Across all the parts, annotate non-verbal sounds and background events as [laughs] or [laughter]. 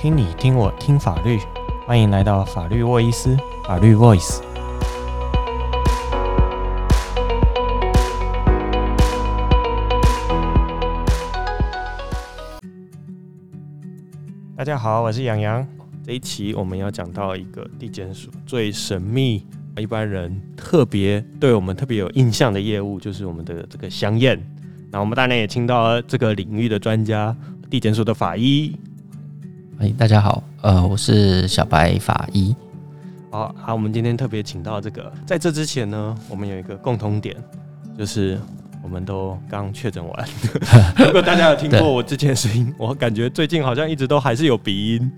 聽你聽我聽法律，歡迎來到法律沃伊絲，法律 Voice。大家好，我是洋洋。這一期我們要講到一個地檢署最神秘、一般人特別對我們特別有印象的業務，就是我們的這個相驗。那我們當然也請到了這個領域的專家，地檢署的法醫。欸、大家好，呃，我是小白法醫。好好，我們今天特別請到這個，在這之前呢，我們有一個共同點，就是我們都剛確診完。 [laughs] 如果大家有聽過我之前的聲音，對我感覺最近好像一直都還是有鼻音。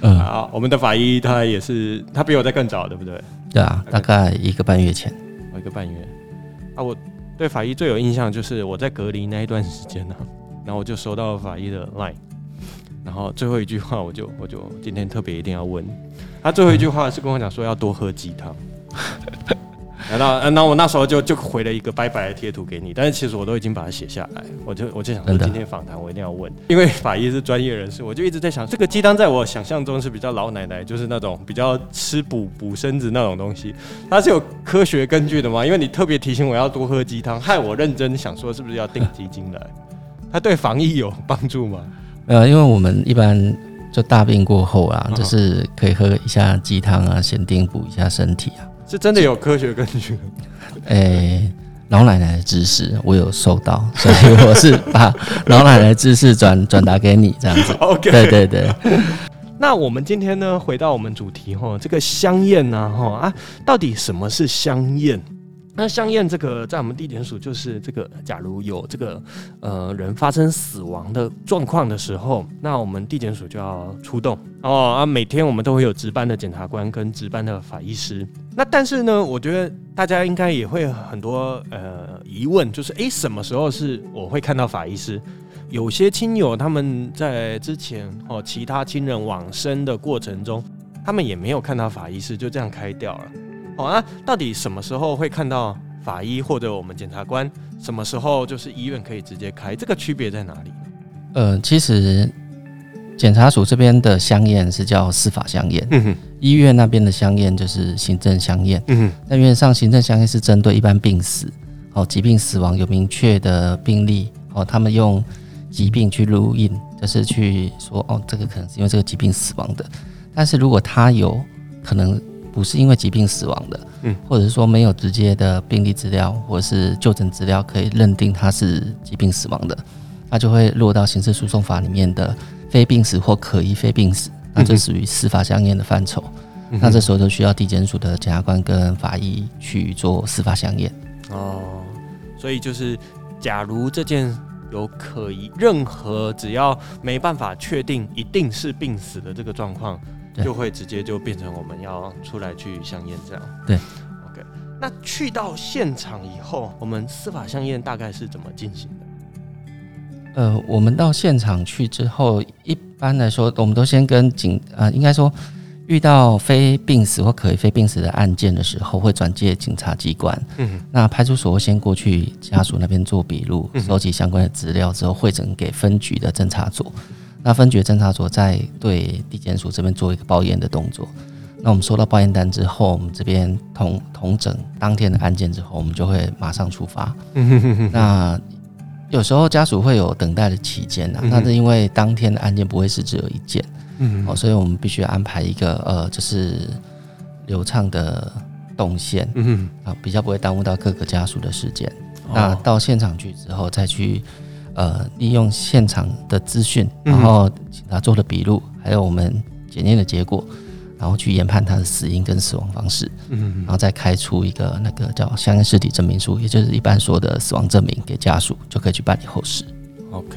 呃、嗯，我們的法醫他也是，他比我再更早，對不對？對啊，大概一個半月前。一個半月。啊，我對法醫最有印象就是我在隔離那一段時間呢、啊，然後我就收到法醫的 line。然後最後一句話，我就我就今天特別一定要問他、啊、最後一句話是跟我講說要多喝雞湯，那那 [laughs] 我那時候就就回了一個拜拜的貼圖給你，但是其實我都已經把它寫下來，我就我就想說今天訪談我一定要問，真的。因為法醫是專業人士，我就一直在想這個雞湯在我想象中是比較老奶奶，就是那種比較吃補補身子那種東西，它是有科學根據的嗎？因為你特別提醒我要多喝雞湯，害我認真想說是不是要訂雞精來， [laughs] 它對防疫有幫助嗎？呃，因為我們一般就大病過後啊，哦、就是可以喝一下雞湯啊，先訂補一下身體啊，是真的有科學根據。誒、欸，對老奶奶的知識我有收到， [laughs] 所以我是把老奶奶的知識轉轉達給你這樣子。 [laughs] OK，對對對。 [laughs] 那我們今天呢，回到我們主題哈，這個相驗呢、啊，哈啊，到底什麼是相驗？那相驗這個，在我們地檢署就是這個，假如有這個呃人發生死亡的狀況的時候，那我們地檢署就要出動哦啊，每天我們都會有值班的檢察官跟值班的法醫師。那但是呢，我覺得大家應該也會很多呃疑問，就是誒、欸，什麼時候是我會看到法醫師？有些親友他們在之前哦，其他親人往生的過程中，他們也沒有看到法醫師，就這樣開掉了。好、哦、啊，到底什麼時候會看到法醫或者我們檢察官？什麼時候就是醫院可以直接開？這個區別在哪裡？嗯、呃，其實檢察署這邊的相驗是叫司法相驗，嗯、哼醫院那邊的相驗就是行政相驗。嗯哼，但原則上行政相驗是針對一般病死哦，疾病死亡有明確的病例哦，他們用疾病去錄音，就是去說哦，這個可能是因為這個疾病死亡的。但是如果他有可能。不是因為疾病死亡的，嗯，或者是說沒有直接的病歷資料或是就診資料可以認定他是疾病死亡的，那就會落到刑事訴訟法裡面的非病死或可疑非病死，那就屬於司法相驗的範疇。嗯、哼那這時候就需要地檢署的檢察官跟法醫去做司法相驗哦，所以就是，假如這件有可疑，任何只要沒辦法確定一定是病死的這個狀況。對就會直接就變成我們要出來去相驗這樣。對，OK。那去到現場以後，我們司法相驗大概是怎麼進行的？呃，我們到現場去之後，一般來說，我們都先跟警呃，應該說遇到非病死或可疑非病死的案件的時候，會轉介警察機關。嗯哼。那派出所會先過去家屬那邊做筆錄，收集相關的資料之後，彙整給分局的偵查組。那分局偵查組在對地檢署這邊做一個報驗的動作。那我們收到報驗單之後，我們這邊同同整當天的案件之後，我們就會馬上出發。 [laughs] 那有時候家屬會有等待的期間啊，那是因為當天的案件不會是只有一件，哦，所以我們必須安排一個呃，就是流暢的動線，嗯，比較不會耽誤到各個家屬的時間。那到現場去之後，再去。呃，利用現場的資訊，然後警察做的筆錄，嗯、哼還有我們檢驗的結果，然後去研判他的死因跟死亡方式，嗯哼哼，然後再開出一個那個叫相驗屍體證明書，也就是一般說的死亡證明給家屬，就可以去辦理後事。OK，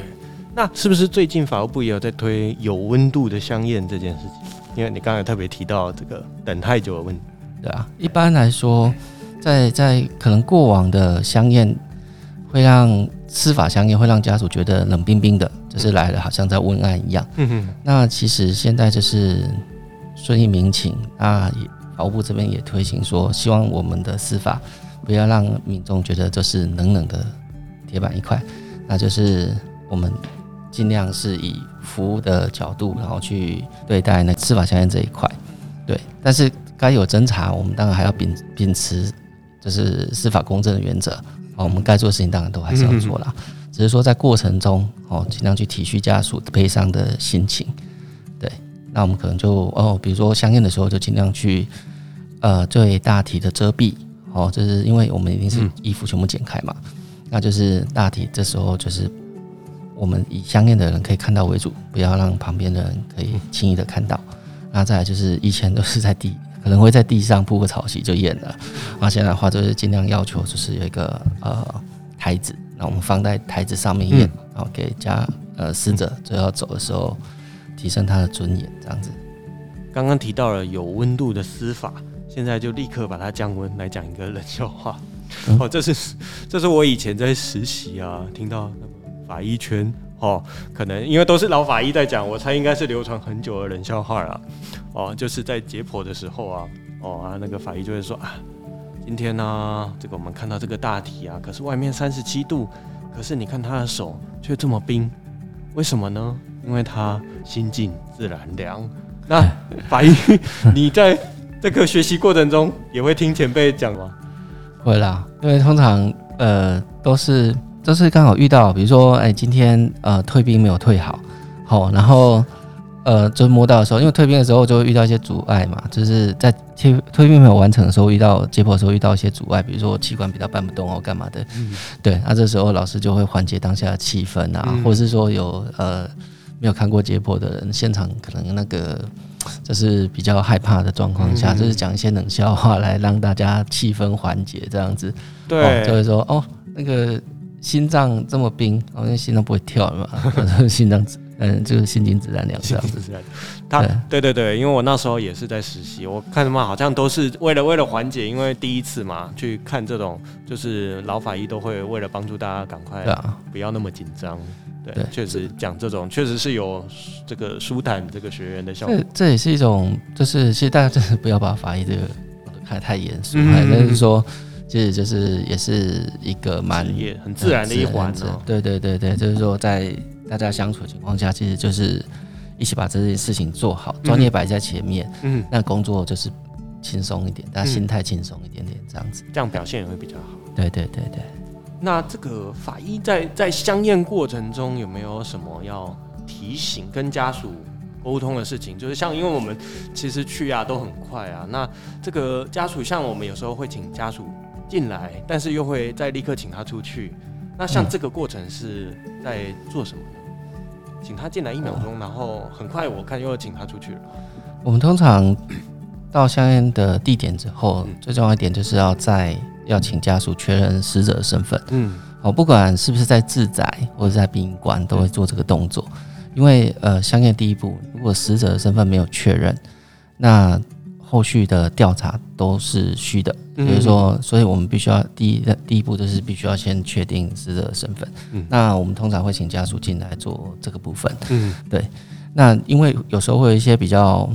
那是不是最近法務部也有在推有溫度的相驗這件事情？因為你剛才特別提到這個等太久的問題，對啊，一般來說，在在可能過往的相驗會讓。司法相驗會讓家屬覺得冷冰冰的，就是來了好像在問案一樣。嗯哼。那其實現在就是順應民情，那也法務部這邊也推行說，希望我們的司法不要讓民眾覺得這是冷冷的鐵板一塊，那就是我們盡量是以服務的角度，然後去對待那司法相驗這一塊。對，但是該有偵查，我們當然還要秉秉持就是司法公正的原則。我們該做的事情當然都還是要做了，只是說在過程中哦、喔，盡量去體恤家屬悲傷的心情。對，那我們可能就哦、喔，比如說相驗的時候，就盡量去呃，最大體的遮蔽。哦、喔，就是因為我們一定是衣服全部剪開嘛，嗯、那就是大體這時候就是我們以相驗的人可以看到為主，不要讓旁邊的人可以輕易的看到。那再來就是以前都是在地。可能會在地上鋪個草席就驗了，那現在的話就是盡量要求就是有一個呃台子，那我們放在台子上面驗，嗯、然後給家呃死者、嗯、最後走的時候提升他的尊嚴這樣子。剛剛提到了有溫度的司法，現在就立刻把它降溫來講一個冷笑話。好、嗯哦、這是這是我以前在實習啊聽到法醫圈。哦，可能因為都是老法醫在講，我猜應該是流傳很久的冷笑話了。哦，就是在解剖的時候啊，哦啊，那個法醫就會說啊，今天呢，啊，這個我們看到這個大體啊，可是外面三十七度，可是你看他的手卻這麼冰，為什麼呢？因為他心靜自然涼。那法醫， [laughs] 你在這個學習過程中也會聽前輩講嗎？會啦，因為通常呃都是。就是剛好遇到，比如說，哎、欸，今天呃，退兵沒有退好，好、哦，然後呃，就摸到的時候，因為退兵的時候就會遇到一些阻礙嘛，就是在退退兵沒有完成的時候，遇到解剖的時候遇到一些阻礙，比如說我器官比較搬不動哦，幹嘛的，嗯、對，那、啊、這時候老師就會緩解當下氣氛啊，嗯、或者是說有呃沒有看過解剖的人，現場可能那個就是比較害怕的狀況下，嗯、就是講一些冷笑話來讓大家氣氛緩解，這樣子，對、哦，就會說哦，那個。心臟這麼冰，好、哦、像心臟不會跳了嘛？ [laughs] 心臟臟嗯，就是心驚子彈兩下子，子對，對對對，因為我那時候也是在實習，我看他們好像都是為了為了緩解，因為第一次嘛，去看這種，就是老法醫都會為了幫助大家趕快不要那麼緊張。對，啊、對，對是確實講這種確實是有這個舒坦這個學員的效果。這，這也是一種，就是其實大家真的不要把法醫這個看得太嚴肅，嗯、但是說。其實就是也是一個蠻很自然的一環。對對對對，就是說在大家相處的情況下，其實就是一起把這件事情做好，專業擺在前面，嗯，嗯，那工作就是輕鬆一點，大家心態輕鬆一點點，這樣子，嗯，這樣表現也會比較好。對對對對。那這個法醫在在相驗過程中有沒有什麼要提醒跟家屬溝通的事情？就是像因為我們其實去啊都很快啊，那這個家屬像我們有時候會請家屬。進來，但是又會再立刻請他出去。那像這個過程是在做什麼？嗯嗯、請他進來一秒鐘，然後很快我看又要請他出去。我們通常到相驗的地點之後，嗯、最重要一點就是要再要請家屬確認死者的身份。嗯，好、哦，不管是不是在自宅或者在殯儀館，都會做這個動作，嗯、因為呃，相驗第一步，如果死者的身份沒有確認，那。後續的調查都是虛的，就是說，所以我們必須要第一第一步，就是必須要先確定死者身份。那我們通常會請家屬進來做這個部分。嗯，對。那因為有時候會有一些比較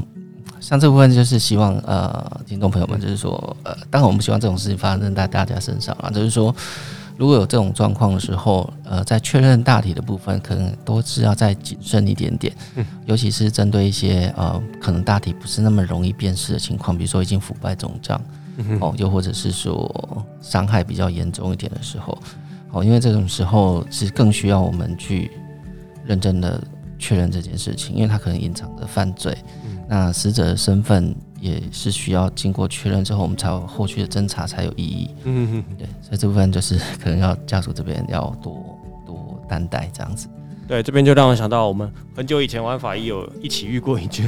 像這部分，就是希望呃聽眾朋友們，就是說呃，當然我們希望這種事情發生在大家身上啊，就是說。如果有這種狀況的時候，呃，在確認大體的部分，可能都是要再謹慎一點點。嗯，尤其是針對一些呃，可能大體不是那麼容易辨識的情況，比如說已經腐敗腫脹，哦，又或者是說傷害比較嚴重一點的時候，哦，因為這種時候其實更需要我們去認真的確認這件事情，因為它可能隱藏着犯罪。那死者的身份，也是需要經過確認之後，我們才有後續的偵查才有意義。嗯哼，對，所以這部分就是可能要家屬這邊要多多擔待這樣子。對，這邊就讓我想到我們很久以前玩法醫有一起遇過一件，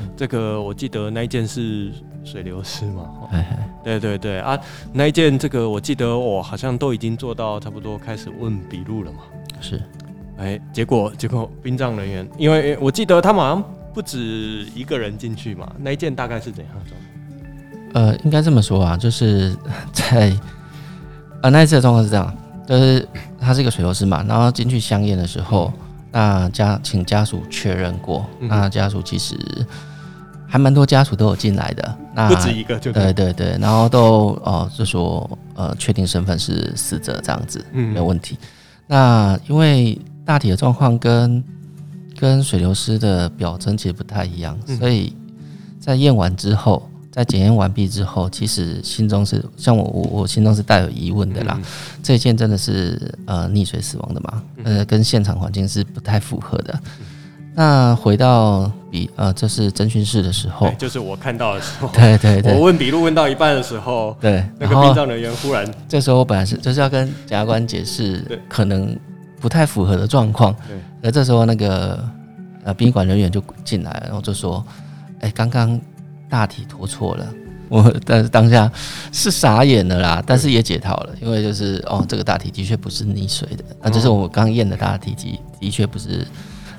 嗯、這個我記得那一件是水流屍嘛。哎嘿對對對啊，那一件這個我記得我、哦、好像都已經做到差不多開始問筆錄了嘛。是，哎、欸，結果結果殯葬人員，因為我記得他們好像。不止一個人進去嘛？那一件大概是怎樣的狀況？呃，應該這麼說啊，就是在啊、呃，那一次的狀況是這樣，就是他是一個水流屍嘛，然後進去相驗的時候，嗯、那家請家屬確認過，嗯、哼那家屬其實還蠻多家屬都有進來的，那不止一個就可以，就對對對，然後都哦、呃、就說呃，確定身份是死者這樣子，嗯，沒問題。嗯、哼那因為大體的狀況跟。跟水流屍的表徵其實不太一樣，所以在驗完之後，在檢驗完畢之後，其實心中是像我我我心中是帶有疑問的啦。這件真的是呃溺水死亡的嗎？呃，跟現場環境是不太符合的。那回到筆呃，這是偵訊室的時候，就是我看到的時候，對對對，我問筆錄問到一半的時候，對那個殯葬人員忽然這時候我本來是就是要跟檢察官解釋可能不太符合的狀況。對。那這時候，那個呃殯儀館人員就進來了，然後就說：“哎、欸，剛剛大體拖錯了。”我但是當下是傻眼了啦，但是也解套了，因為就是哦，這個大體的確不是溺水的。那這是我剛驗的大體的的確不是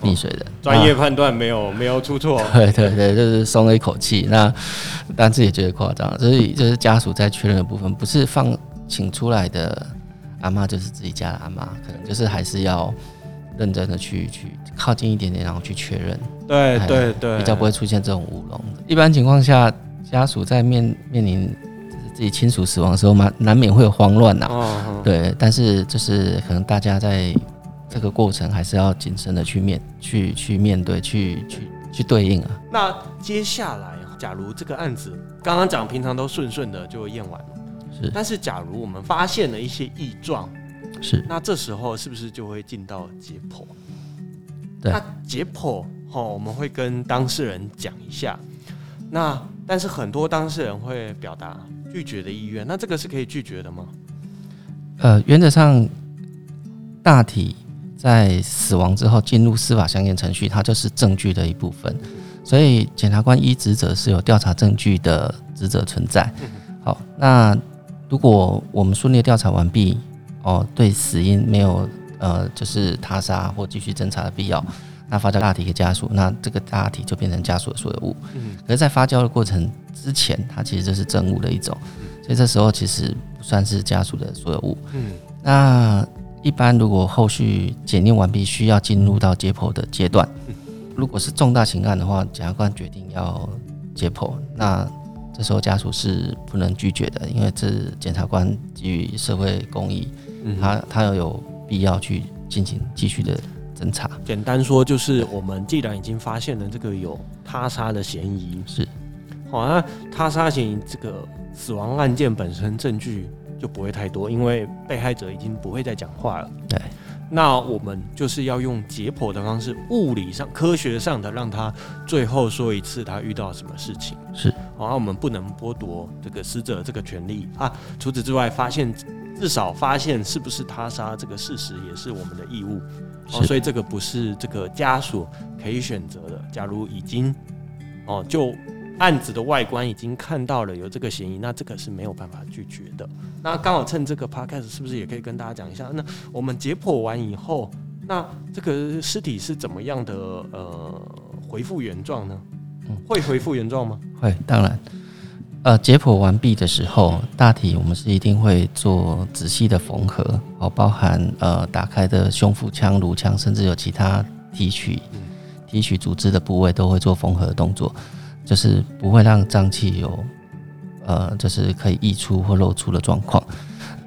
溺水的。專、哦啊、業判斷沒有沒有出錯、啊。對對對，就是鬆了一口氣。那但是也覺得誇張，所以就是家屬在確認的部分，不是放請出來的阿嬤，就是自己家的阿嬤，可能就是還是要。認真的去去靠近一點點，然後去確認。對對對，對對比較不會出現這種烏龍。一般情況下，家屬在面面臨自己親屬死亡的時候嘛，難免會有慌亂吶。哦哦、對，但是就是可能大家在這個過程還是要謹慎的去面去去面對去去去對應啊。那接下來，假如這個案子剛剛講平常都順順的就會驗完了，是。但是假如我們發現了一些異狀。是，那這時候是不是就會進到解剖？對，那解剖哈、哦，我們會跟當事人講一下。那但是很多當事人會表達拒絕的意願，那這個是可以拒絕的嗎？呃，原則上，大體在死亡之後進入司法相驗程序，它就是證據的一部分。所以檢察官依職責是有調查證據的職責存在。好，那如果我們順利調查完畢。哦，對，死因沒有呃，就是他殺或繼續偵查的必要。那發交大體給家屬，那這個大體就變成家屬的所有物。嗯，可是在發交的過程之前，它其實就是證物的一種，所以這時候其實不算是家屬的所有物。嗯，那一般如果後續檢驗完畢，需要進入到解剖的階段，如果是重大刑案的話，檢察官決定要解剖，那這時候家屬是不能拒絕的，因為這檢察官基於社會公益。嗯、他他要有必要去進行繼續的偵查。簡單說，就是我們既然已經發現了這個有他殺的嫌疑，是，好，那他殺嫌疑這個死亡案件本身證據就不會太多，因為被害者已經不會再講話了。對，那我們就是要用解剖的方式，物理上、科學上的讓他最後說一次他遇到什麼事情。是，好，我們不能剝奪這個死者這個權利啊。除此之外，發現。至少發現是不是他殺這個事實也是我們的義務，是哦、所以這個不是這個家屬可以選擇的。假如已經哦，就案子的外觀已經看到了有這個嫌疑，那這個是沒有辦法拒絕的。那剛好趁這個 podcast 是不是也可以跟大家講一下？那我們解剖完以後，那這個屍體是怎麼樣的？呃，回復原狀呢？哦、會回復原狀嗎？會，當然。呃，解剖完畢的時候，大體我們是一定會做仔細的縫合，好，包含呃打開的胸腹腔、顱腔，甚至有其他提取提取組織的部位，都會做縫合動作，就是不會讓臟器有呃就是可以溢出或露出的狀況。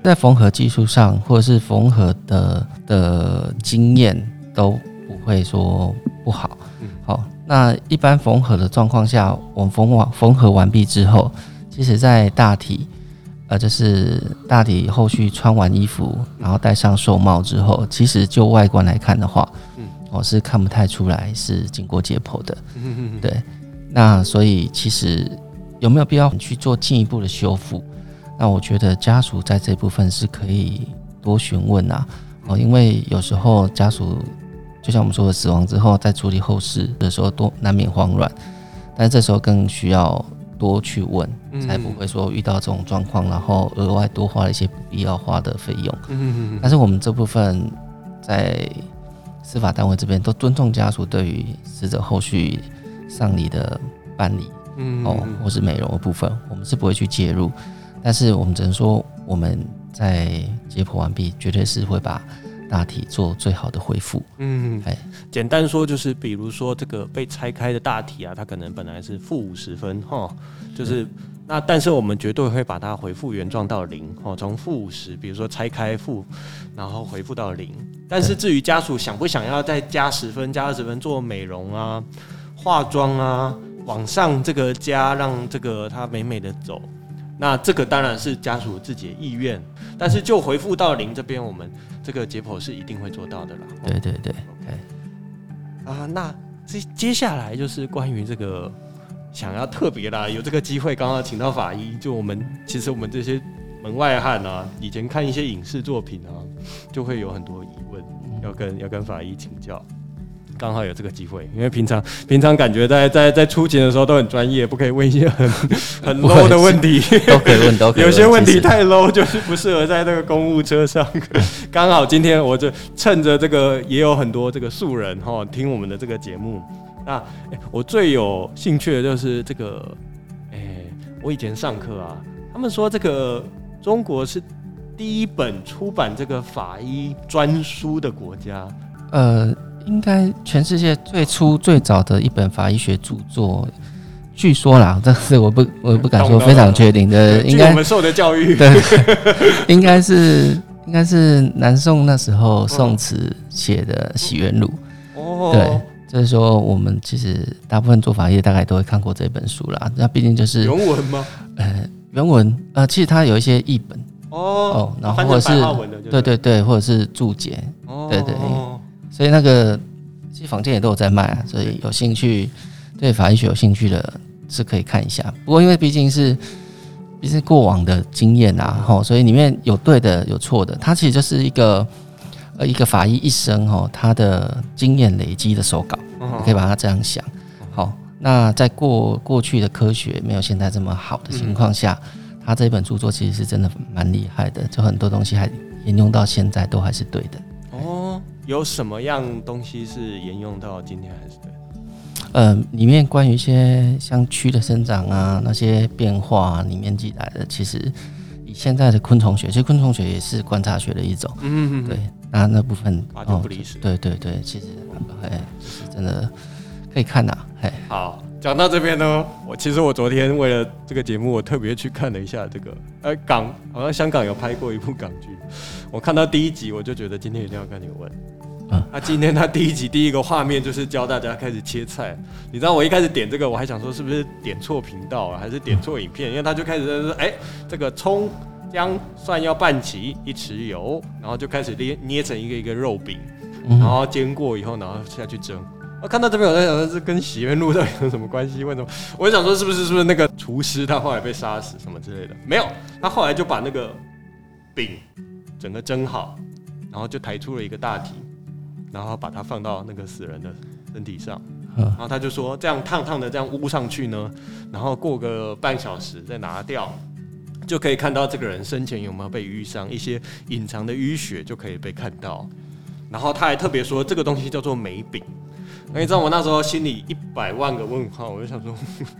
在縫合技術上，或者是縫合的的經驗，都不會說不好。嗯那一般縫合的狀況下，我們縫完縫合完畢之後，其實在大體，呃，就是大體後續穿完衣服，然後戴上壽帽之後，其實就外觀來看的話，我、哦、是看不太出來是經過解剖的。對，那所以其實有沒有必要去做進一步的修復？那我覺得家屬在這部分是可以多詢問啊，哦，因為有時候家屬。就像我們說的，死亡之後在處理後事的時候，多難免慌亂，但是這時候更需要多去問，才不會說遇到這種狀況，然後額外多花了一些不必要花的費用。但是我們這部分在司法單位這邊都尊重家屬對於死者後續喪禮的辦理，哦，或是美容的部分，我們是不會去介入。但是我們只能說，我們在解剖完畢，絕對是會把。大體做最好的恢復，嗯，哎，嘿，簡單說就是，比如說這個被拆開的大體啊，它可能本來是負五十分哈，就是、嗯、那但是我們絕對會把它恢復原狀到零哈，從負五十，50，比如說拆開負，然後恢復到零。但是至於家屬想不想要再加十分、加二十分做美容啊、化妝啊，往上這個加，讓這個他美美的走。那這個當然是家屬自己的意願，但是就回復到您這邊，我們這個解剖是一定會做到的啦。對對對，OK。啊，那接接下來就是關於這個想要特別啦，有這個機會剛剛請到法醫，就我們其實我們這些門外漢啊，以前看一些影視作品啊，就會有很多疑問，要跟要跟法醫請教。剛好有這個機會，因為平常平常感覺在在在出勤的時候都很專業，不可以問一些很很 low 的問題。嗯、都可以問，都可以問 [laughs] 有些問題太 low 其實，就是不適合在那個公務車上。剛好今天我就趁着這個，也有很多這個素人哈聽我們的這個節目。那、欸、我最有興趣的就是這個，欸、我以前上課啊，他們說這個中國是第一本出版這個法醫專書的國家，呃。應該全世界最初最早的一本法醫學著作，據說啦，但是我不我也不敢說了非常確定的，應該我們受的教育對，應該是應該是南宋那時候宋慈寫的喜《洗冤錄》對哦，對，就是說我們其實大部分做法醫的大概都會看過這本書啦，那畢竟就是原文嗎？呃，原文啊、呃，其實它有一些譯本哦，哦，然後或者是，是對，對對對，或者是注解，哦、對，對對。所以那個其實坊間也都有在賣啊，所以有興趣對法醫學有興趣的，是可以看一下。不過因為畢竟是，畢竟是過往的經驗啊，吼，所以裡面有對的，有錯的。它其實就是一個呃一個法醫一生吼，他的經驗累積的手稿，可以把它這樣想。好，那在過過去的科學沒有現在這麼好的情況下，他這本著作其實是真的蠻厲害的，就很多東西還沿用到現在都還是對的。有什麼樣東西是沿用到今天還是對，嗯、呃，裡面關於一些像蛆的生長啊，那些變化、啊、裡面記載的，其實以現在的昆蟲學，其實昆蟲學也是觀察學的一種。嗯嗯。對那那部分完全、啊、不離十。哦、對,對對對，其實哎，就是、嗯、真的可以看啊。哎，好，講到這邊呢，我其實我昨天為了這個節目，我特別去看了一下這個，呃、欸，港好像香港有拍過一部港劇，我看到第一集，我就覺得今天一定要跟你問。那、啊、今天他第一集第一個畫面就是教大家開始切菜，你知道我一開始點這個，我還想說是不是點錯頻道啊，還是點錯影片？因為他就開始在說，哎，這個蔥、薑、蒜要拌齊一匙油，然後就開始捏捏成一個一個肉餅，然後煎過以後，然後下去蒸。我看到這邊我在想，講是跟洗冤錄到底有什麼關係？為什麼？我想說是不是是不是那個廚師他後來被殺死什麼之類的？沒有，他後來就把那個餅整個蒸好，然後就抬出了一個大體。然後把它放到那個死人的身體上，然後他就說，這樣燙燙的這樣捂上去呢，然後過個半小時再拿掉，就可以看到這個人生前有沒有被淤傷，一些隱藏的淤血就可以被看到。然後他還特別說，這個東西叫做美餅。你知道我那時候心裡一百萬個問號，我就想說，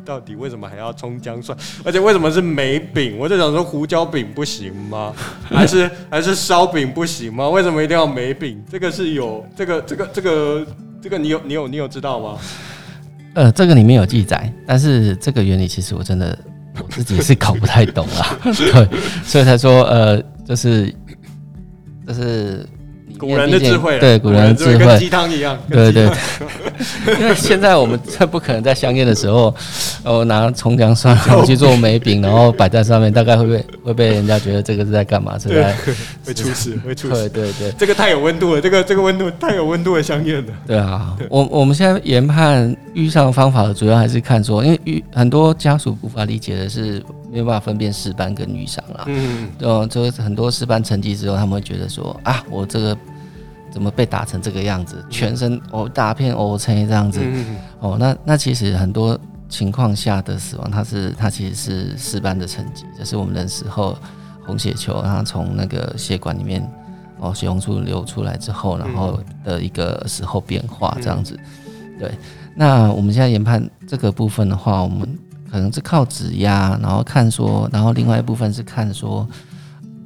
到底為什麼還要蔥薑蒜？而且為什麼是梅餅？我就想說，胡椒餅不行嗎？還是還是燒餅不行嗎？為什麼一定要梅餅？這個是有這個這個這個這個你有你有你有知道嗎？呃，這個裡面有記載，但是這個原理其實我真的我自己是搞不太懂啊。 [laughs] 是 對，所以才說呃，就是就是。古人的智慧，對古人的智慧，跟雞湯一樣。對對，因為現在我們這不可能在相驗的時候，呃，拿蔥薑蒜然後去做梅餅，然後擺在上面，大概會被會被人家覺得這個是在幹嘛？是在會出事，會出事。對對對，這個太有溫度了，這個這個溫度太有溫度的相驗了。對啊，我我們現在研判遇上方法的主要還是看說，因為遇很多家屬無法理解的是。沒有辦法分辨屍斑跟瘀傷了，嗯，呃，就是很多屍斑沉積之後，他們會覺得說啊，我這個怎麼被打成這個樣子？全身哦，大片哦，成這樣子，嗯、哦，那那其實很多情況下的死亡，它是它其實是屍斑的沉積，就是我們人死後紅血球它從那個血管裡面哦血紅素流出來之後，然後的一個死後變化這樣子，嗯、對。那我們現在研判這個部分的話，我們。可能是靠指壓，然後看說，然後另外一部分是看說，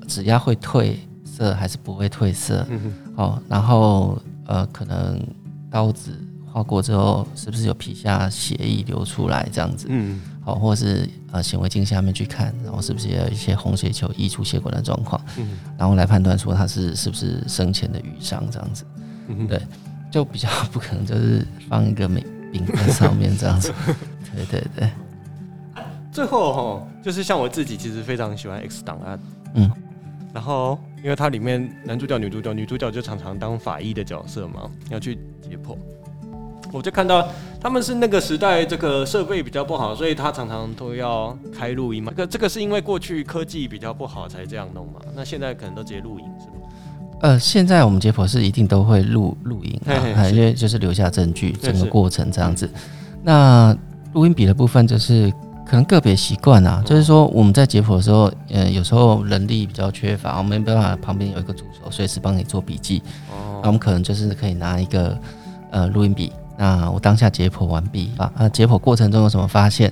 指壓會褪色還是不會褪色，好、嗯哼哦，然後呃，可能刀子劃過之後，是不是有皮下血液流出來這樣子，好、嗯哦，或是呃顯微鏡下面去看，然後是不是也有一些紅血球溢出血管的狀況，嗯、哼然後來判斷說它是是不是生前的瘀傷這樣子，嗯、哼對，就比較不可能就是放一個餅餅在上面這樣子，嗯、哼對對對。最後哈，就是像我自己，其實非常喜歡《X 檔案》。嗯，然後因為它裡面男主角、女主角，女主角就常常當法醫的角色嘛，要去解剖。我就看到他們是那個時代，這個設備比較不好，所以他常常都要開錄音嘛。這個這個是因為過去科技比較不好才這樣弄嘛？那現在可能都直接錄影是嗎？呃，現在我們解剖是一定都會錄錄影，啊，還是就是留下證據，的整個過程這樣子。的那錄音筆的部分就是。可能個別習慣啊，就是說我們在解剖的時候，呃，有時候人力比較缺乏，我沒辦法旁邊有一個助手隨時幫你做筆記。那我們可能就是可以拿一個呃錄音筆，那我當下解剖完畢啊，那解剖過程中有什麼發現，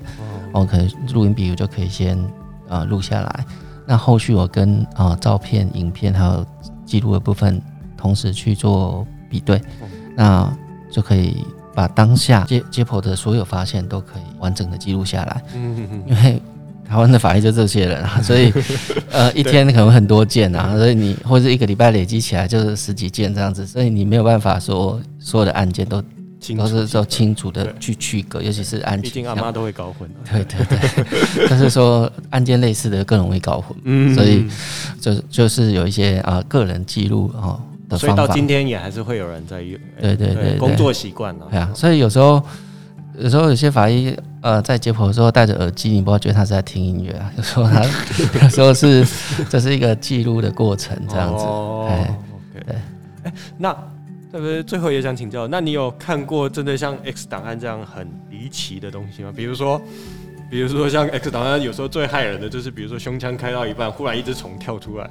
我、哦、可能錄音筆我就可以先啊、呃、錄下來，那後續我跟啊、呃、照片、影片還有記錄的部分同時去做比對，那就可以。把當下接接報的所有發現都可以完整的記錄下來，嗯，因為台灣的法醫就這些人啊，所以呃一天可能很多件啊，所以你或者一個禮拜累積起來就是十幾件這樣子，所以你沒有辦法說所有的案件都都是說清楚的去區隔，尤其是案件，畢竟阿嬤都會搞混。啊，對對對， [laughs] 但是說案件類似的更容易搞混，所以就就是有一些啊個人記錄哦所以到今天也還是會有人在用。欸，對對對，對，對，工作習慣了，對啊。所以有時候，有時候有些法醫呃在解剖的時候戴着耳機，你不要覺得他是在聽音樂啊，有時候他 [laughs] 有時候是 [laughs] 這是一個記錄的過程，這樣子。哦，對。哎 okay 對、欸，那特別最後也想請教，那你有看過真的像 X 檔案這樣很離奇的東西嗎？比如說，比如說像 X 檔案，有時候最害人的就是，比如說胸腔開到一半，忽然一隻蟲跳出來。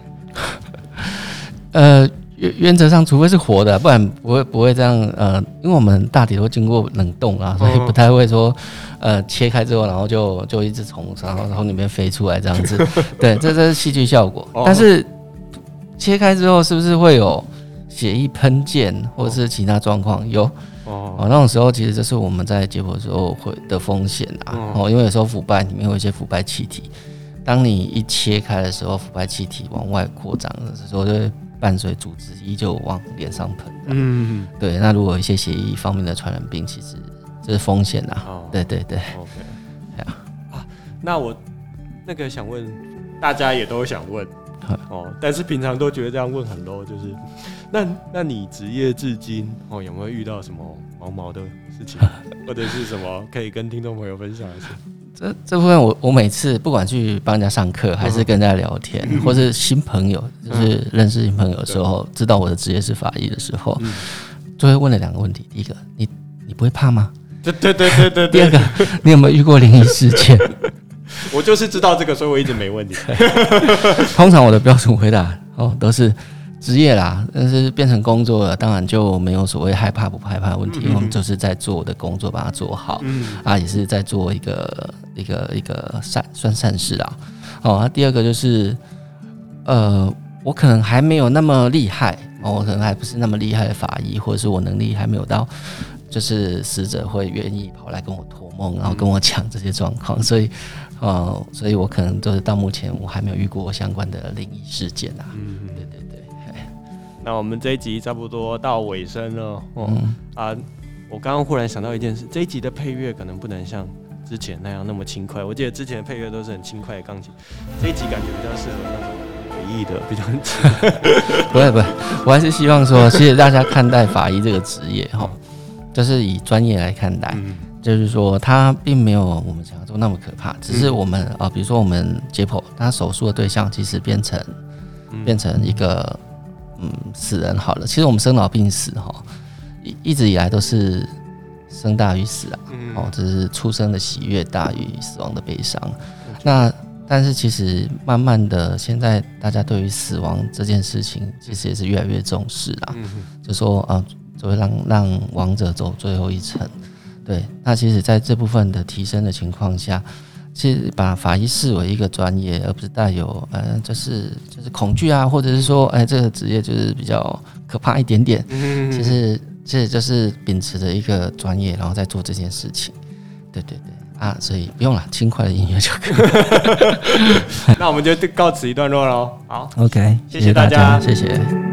[laughs] 呃。原原則上，除非是活的，不然不會不會這樣。呃，因為我們大體都經過冷凍啊，所以不太會說，呃，切開之後，然後就就一直從然後裡面飛出來這樣子。對，這這是戲劇效果。 [laughs] 但是切開之後，是不是會有血液噴濺或者是其他狀況？有哦，那種時候其實就是我們在解剖的時候會的風險啊。哦，因為有時候腐敗裡面有一些腐敗氣體，當你一切開的時候，腐敗氣體往外擴張的時候，就會。伴隨組織依舊往臉上噴、啊，嗯，對。那如果一些血液方面的傳染病，其實這是風險、啊、哦，對對對。OK，好樣、啊、那我那個想問大家，也都想問，呵哦，但是平常都覺得這樣問很 low，就是，那那你職業至今哦，有沒有遇到什麼毛毛的事情， [laughs] 或者是什麼可以跟聽眾朋友分享一下？ [laughs] 這這部分我我每次不管去幫人家上課，還是跟人家聊天，uh huh. 或是新朋友，就是認識新朋友的時候，uh huh. 知道我的職業是法醫的時候，就會、uh huh. 問了兩個問題：第一個，你你不會怕嗎？對對對對對。 [laughs] 第二個，你有沒有遇過靈異事件？ [laughs] 我就是知道這個，所以我一直沒問你。 [laughs] 通常我的標準回答哦都是。職業啦，但是變成工作了，當然就沒有所謂害怕不害怕的問題。我們、嗯哼哦、就是在做我的工作，把它做好啊，也是在做一個一個一個善算善事啦。哦、啊，第二個就是，呃，我可能還沒有那麼厲害、哦，我可能還不是那麼厲害的法醫，或者是我能力還沒有到，就是死者會願意跑來跟我托夢，然後跟我講這些狀況。所以，呃、哦，所以我可能就是到目前，我還沒有遇過相關的靈異事件啊。嗯那我們這一集差不多到尾聲了，哦嗯、啊！我剛剛忽然想到一件事，這一集的配樂可能不能像之前那樣那麼輕快。我記得之前的配樂都是很輕快的鋼琴，這一集感覺比較適合那種詭異的，比較…… [laughs] 不是不是，我還是希望說，謝謝大家看待法醫這個職業哈， [laughs] 就是以專業來看待，嗯、就是說他並沒有我們想象中那麼可怕，只是我們啊、嗯呃，比如說我們解剖，他手術的對象其實變成變成一個。嗯嗯嗯，死人好了。其實我們生老病死哈，一一直以來都是生大於死啊。哦，只是出生的喜悅大於死亡的悲傷。那但是其實慢慢的，現在大家對於死亡這件事情，其實也是越來越重視啦、啊。就說啊，只會讓讓亡者走最後一程。對，那其實在這部分的提升的情況下。是把法醫視為一個專業，而不是帶有嗯、呃，就是就是恐懼啊，或者是說，哎、呃，這個職業就是比較可怕一點點。其實，這就是秉持著一個專業，然後再做這件事情。對對對，啊，所以不用了，輕快的音樂就可以。 [laughs] [laughs] 那我們就告辭一段落嘍。好，OK，謝謝大家，謝謝。